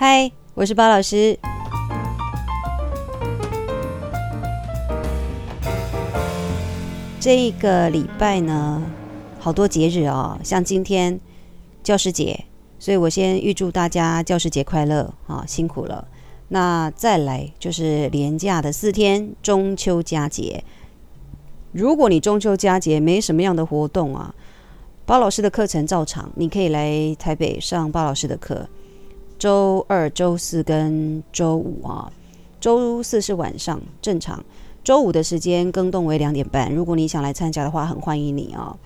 嗨，Hi, 我是巴老師。這個禮拜呢，好多節日啊、哦，像今天教師節，所以我先預祝大家教師節快樂啊，辛苦了。那再來就是連假的四天，中秋佳節。如果你中秋佳節沒什麼樣的活動啊，巴老師的課程照常，你可以來台北上巴老師的課。週二、週四跟週五啊，週四是晚上正常，週五的時間更動為兩點半。如果你想來參加的話，很歡迎你啊。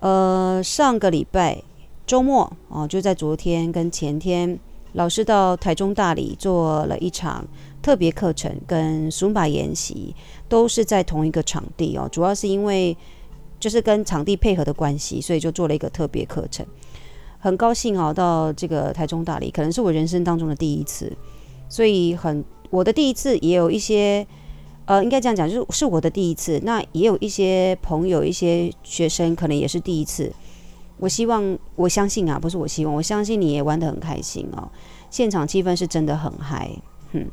呃，上個禮拜週末啊，就在昨天跟前天，老師到台中、大里做了一場特別課程跟 Zumba 研習，都是在同一個場地哦。主要是因為就是跟場地配合的關係，所以就做了一個特別課程。很高興啊、哦，到這個台中、大里可能是我人生當中的第一次，所以很我的第一次也有一些，呃，應該這樣講，就是是我的第一次。那也有一些朋友、一些學生，可能也是第一次。我希望，我相信啊，不是我希望，我相信你也玩得很開心哦。現場氣氛是真的很嗨，哼。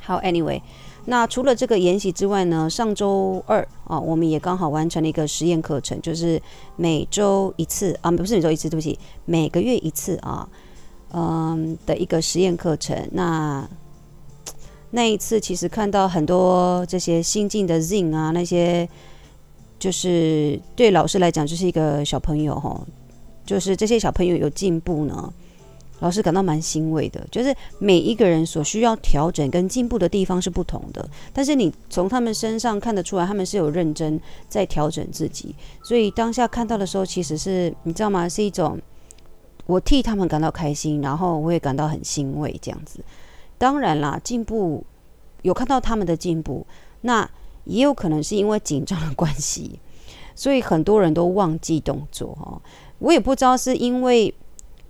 好，anyway。那除了這個研習之外呢，上週二啊，我們也剛好完成了一個實驗課程，就是每周一次啊，不是每周一次，對不起，每個月一次啊，嗯的一個實驗課程。那那一次其實看到很多這些新進的 ZIN 啊，那些就是對老師來講就是一個小朋友哈、哦，就是這些小朋友有進步呢，老師感到蠻欣慰的，就是每一個人所需要調整跟進步的地方是不同的，但是你從他們身上看得出來，他們是有認真在調整自己，所以當下看到的時候，其實是你知道嗎？是一種我替他們感到開心，然後我也感到很欣慰這樣子。當然啦，進步有看到他們的進步，那也有可能是因為緊張的關係，所以很多人都忘記動作哦。我也不知道是因為。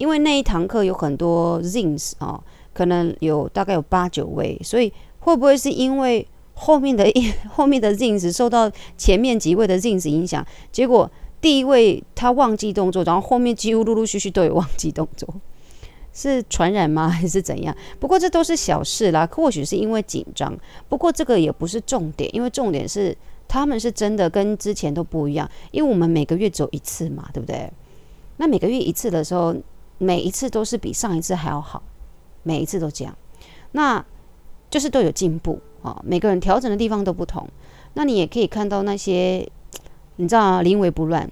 因為那一堂課有很多 zins 哦，可能有大概有八九位，所以會不會是因為後面的後面的 zins 受到前面幾位的 zins 影響？結果第一位他忘記動作，然後後面幾乎陸陸續續都有忘記動作，是傳染嗎？還是怎樣？不過這都是小事啦，或許是因為緊張，不過這個也不是重點，因為重點是他們是真的跟之前都不一樣，因為我們每個月走一次嘛，對不對？那每個月一次的時候。每一次都是比上一次還要好，每一次都這樣，那就是都有進步啊。每個人調整的地方都不同，那你也可以看到那些，你知道臨危不亂。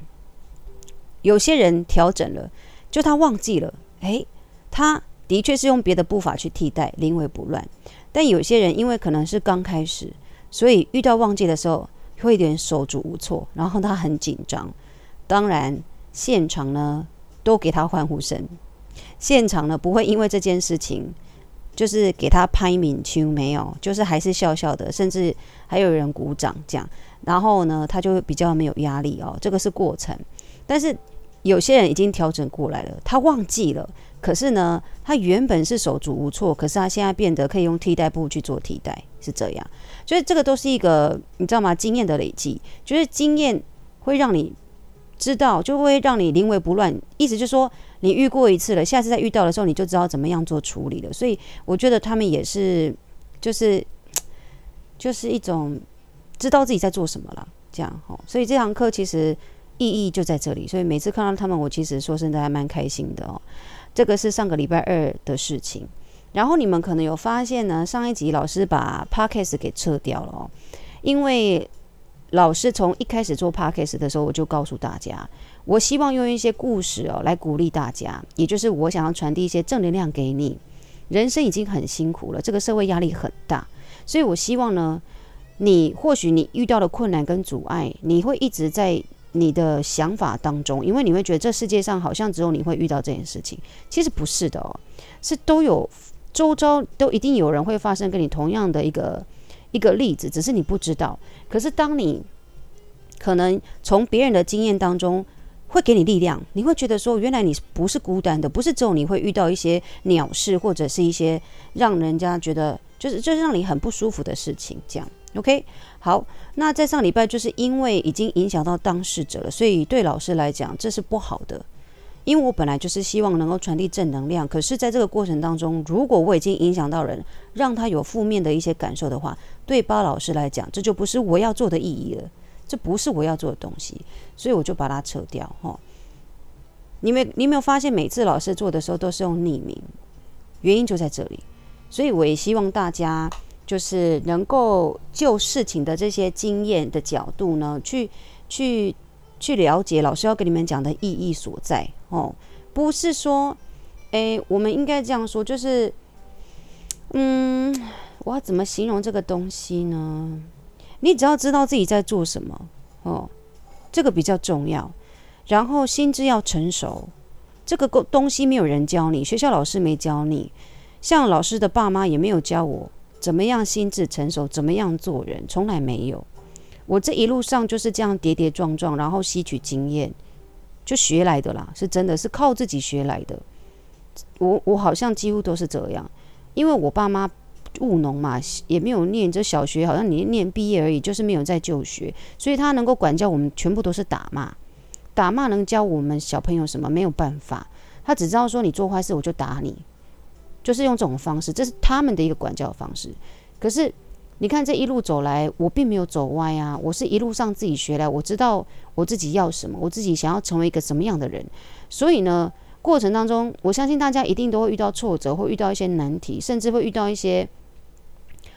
有些人調整了，就他忘記了，誒、欸，他的確是用別的步伐去替代臨危不亂。但有些人因為可能是剛開始，所以遇到忘記的時候會有點手足無措，然後他很緊張。當然現場呢。都給他歡呼聲，現場呢，不會因為這件事情就是給他拍明槍，沒有，就是還是笑笑的，甚至還有人鼓掌這樣。然後呢，他就會比較沒有壓力哦。這個是過程，但是有些人已經調整過來了，他忘記了。可是呢，他原本是手足無措，可是他現在變得可以用替代布去做替代，是這樣。所以這個都是一個你知道嗎？經驗的累積，就是經驗會讓你。知道就會讓你臨危不亂，意思就是說你遇過一次了，下次再遇到的時候你就知道怎麼樣做處理了。所以我覺得他們也是，就是，就是一種知道自己在做什麼了，這樣哈。所以這堂課其實意義就在這裡。所以每次看到他們，我其實說真的還蠻開心的哦。這個是上個禮拜二的事情。然後你們可能有發現呢，上一集老師把 Podcast 給撤掉了哦，因為。老師從一開始做 podcast 的時候，我就告訴大家，我希望用一些故事哦來鼓勵大家，也就是我想要傳遞一些正能量給你。人生已經很辛苦了，這個社會壓力很大，所以我希望呢，你或許你遇到的困難跟阻礙，你會一直在你的想法當中，因為你會覺得這世界上好像只有你會遇到這件事情，其實不是的哦，是都有，周遭都一定有人會發生跟你同樣的一個。一個例子，只是你不知道。可是當你可能從別人的經驗當中會給你力量，你會覺得說，原來你不是孤單的，不是只有你會遇到一些鳥事，或者是一些讓人家覺得就是就是讓你很不舒服的事情。這樣，OK？好，那在上禮拜就是因為已經影響到當事者了，所以對老師來講，這是不好的。因為我本來就是希望能夠傳遞正能量，可是在這個過程當中，如果我已經影響到人，讓他有負面的一些感受的話，對巴老師來講，這就不是我要做的意義了，這不是我要做的東西，所以我就把它扯掉。哈、哦，你沒你沒有發現每次老師做的時候都是用匿名，原因就在這裡，所以我也希望大家就是能夠就事情的這些經驗的角度呢，去去去了解老師要跟你們講的意義所在。哦，不是說，哎，我們應該這樣說，就是，嗯，我要怎麼形容這個東西呢？你只要知道自己在做什麼，哦，這個比較重要。然後心智要成熟，這個東東西沒有人教你，學校老師沒教你，像老師的爸媽也沒有教我怎麼樣心智成熟，怎麼樣做人，從來沒有。我這一路上就是這樣跌跌撞撞，然後吸取經驗。就學來的啦，是真的是靠自己學來的。我我好像幾乎都是這樣，因為我爸媽務農嘛，也沒有念這小學，好像你念畢業而已，就是沒有在就學，所以他能夠管教我們，全部都是打罵。打罵能教我們小朋友什麼？沒有辦法，他只知道說你做壞事我就打你，就是用這種方式，這是他們的一個管教方式。可是。你看這一路走來，我並沒有走歪啊，我是一路上自己學來，我知道我自己要什麼，我自己想要成為一個什麼樣的人。所以呢，過程當中，我相信大家一定都會遇到挫折，會遇到一些難題，甚至會遇到一些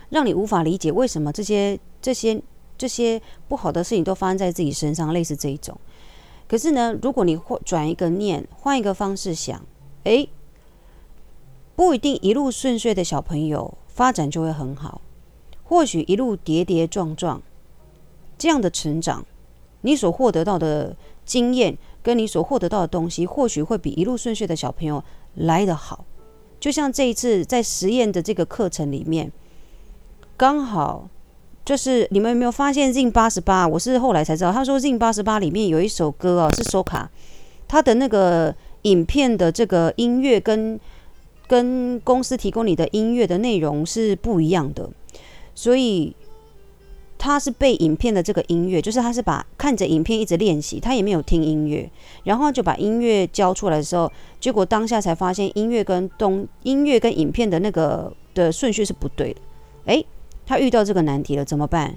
讓你無法理解為什麼這些、這些、這些不好的事情都發生在自己身上，類似這一種。可是呢，如果你換轉一個念，換一個方式想，哎，不一定一路順遂的小朋友發展就會很好。或許一路跌跌撞撞，這樣的成長，你所獲得到的經驗跟你所獲得到的東西，或許會比一路順遂的小朋友來得好。就像這一次在實驗的這個課程裡面，剛好就是你們有沒有發現 Zin 88？我是後來才知道，他說 Zin 88裡面有一首歌哦，是《手卡》他的那個影片，的這個音樂跟跟公司提供你的音樂的內容是不一樣的。所以，他是背影片的這個音樂，就是他是把看着影片一直練習，他也沒有聽音樂，然後就把音樂交出來的時候，結果當下才發現音樂跟動音樂跟影片的那個的順序是不對的。誒，他遇到這個難題了，怎麼辦？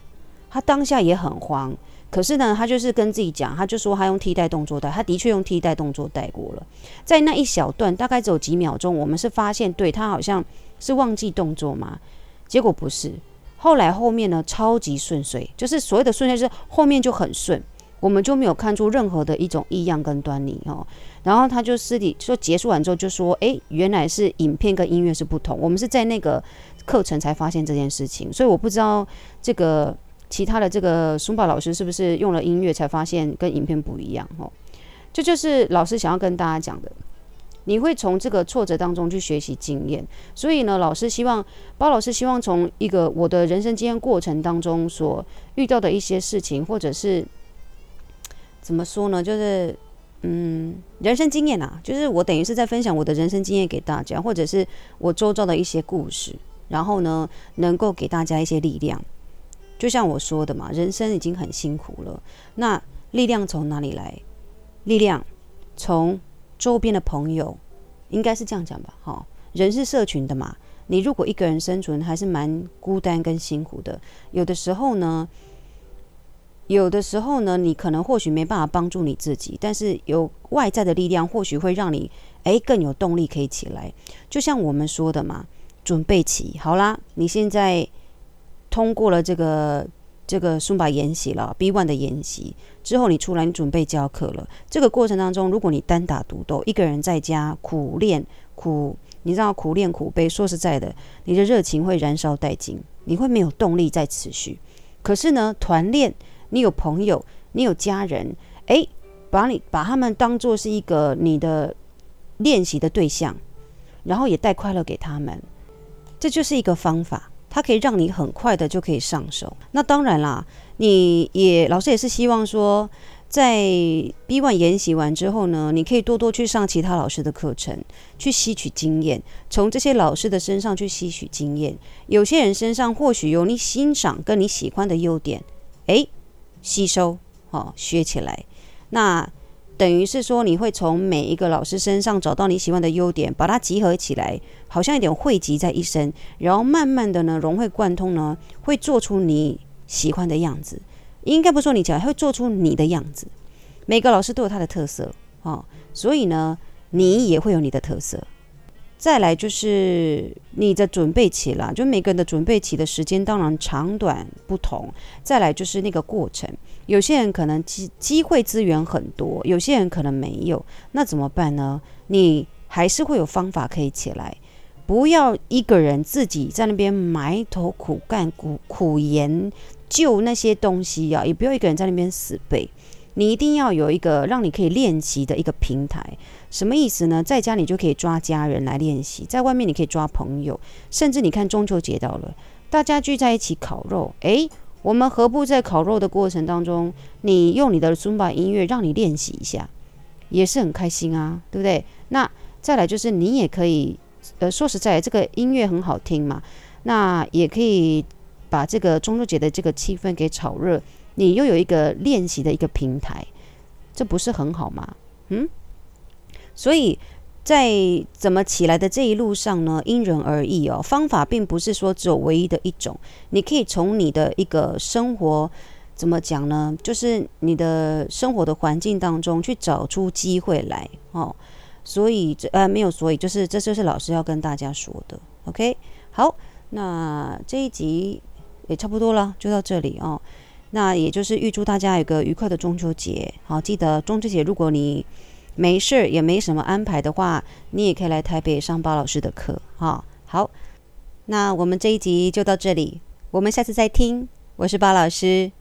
他當下也很慌，可是呢，他就是跟自己講，他就說他用替代動作帶，他的確用替代動作帶過了，在那一小段大概只有幾秒鐘，我們是發現，對他好像是忘記動作嘛，結果不是。後來後面呢，超級順遂，就是所謂的順遂就是後面就很順，我們就沒有看出任何的一種異樣跟端倪哦。然後他就私底說結束完之後就說，誒，原來是影片跟音樂是不同，我們是在那個課程才發現這件事情。所以我不知道這個其他的這個松寶老師是不是用了音樂才發現跟影片不一樣哦。這就是老師想要跟大家講的。你會從這個挫折當中去學習經驗，所以呢，老師希望，巴老師希望從一個我的人生經驗過程當中所遇到的一些事情，或者是怎麼說呢，就是嗯，人生經驗啊，就是我等於是在分享我的人生經驗給大家，或者是我周遭的一些故事，然後呢，能夠給大家一些力量。就像我說的嘛，人生已經很辛苦了，那力量從哪裡來？力量從。周邊的朋友，應該是這樣講吧。哈，人是社群的嘛。你如果一個人生存，還是蠻孤單跟辛苦的。有的時候呢，有的時候呢，你可能或許沒辦法幫助你自己，但是有外在的力量，或許會讓你誒更有動力可以起來。就像我們說的嘛，準備起好啦。你現在通過了這個。這個書法研習了，B one 的研習之後，你出來你準備教課了。這個過程當中，如果你單打獨鬥，一個人在家苦練苦，你知道苦練苦悲。說實在的，你的熱情會燃燒殆盡，你會沒有動力再持續。可是呢，團練，你有朋友，你有家人，哎，把你把他們當做是一個你的練習的對象，然後也帶快樂給他們，這就是一個方法。它可以讓你很快的就可以上手。那當然啦，你也老師也是希望說，在 B One 研習完之後呢，你可以多多去上其他老師的課程，去吸取經驗，從這些老師的身上去吸取經驗。有些人身上或許有你欣賞跟你喜歡的優點，哎，吸收，好、哦、學起來。那。等於是說，你會從每一個老師身上找到你喜歡的優點，把它集合起來，好像一點匯集在一身，然後慢慢的呢融會貫通呢，會做出你喜歡的樣子。應該不說你喜歡，會做出你的樣子。每個老師都有他的特色哦，所以呢，你也會有你的特色。再來就是你的準備期了，就每個人的準備期的時間當然長短不同。再來就是那個過程，有些人可能機機會資源很多，有些人可能沒有，那怎麼辦呢？你還是會有方法可以起來，不要一個人自己在那邊埋頭苦幹、苦苦研究那些東西啊，也不要一個人在那邊死背。你一定要有一個讓你可以練習的一個平台，什麼意思呢？在家你就可以抓家人來練習，在外面你可以抓朋友，甚至你看中秋節到了，大家聚在一起烤肉，誒，我們何不在烤肉的過程當中，你用你的 Zumba 音樂讓你練習一下，也是很開心啊，對不對？那再來就是你也可以，呃，說實在，這個音樂很好聽嘛，那也可以把這個中秋節的這個氣氛給炒熱。你又有一個練習的一個平台，這不是很好嗎？嗯，所以，在怎麼起來的這一路上呢，因人而異哦。方法並不是說只有唯一的一種，你可以從你的一個生活怎麼講呢？就是你的生活的環境當中去找出機會來哦。所以，這，呃，沒有，所以就是這就是老師要跟大家說的。OK，好，那這一集也差不多了，就到這裡哦。那也就是預祝大家有個愉快的中秋節，好，記得中秋節，如果你沒事也沒什麼安排的話，你也可以來台北上巴老師的課哈，好，那我們這一集就到這裡，我們下次再聽，我是巴老師。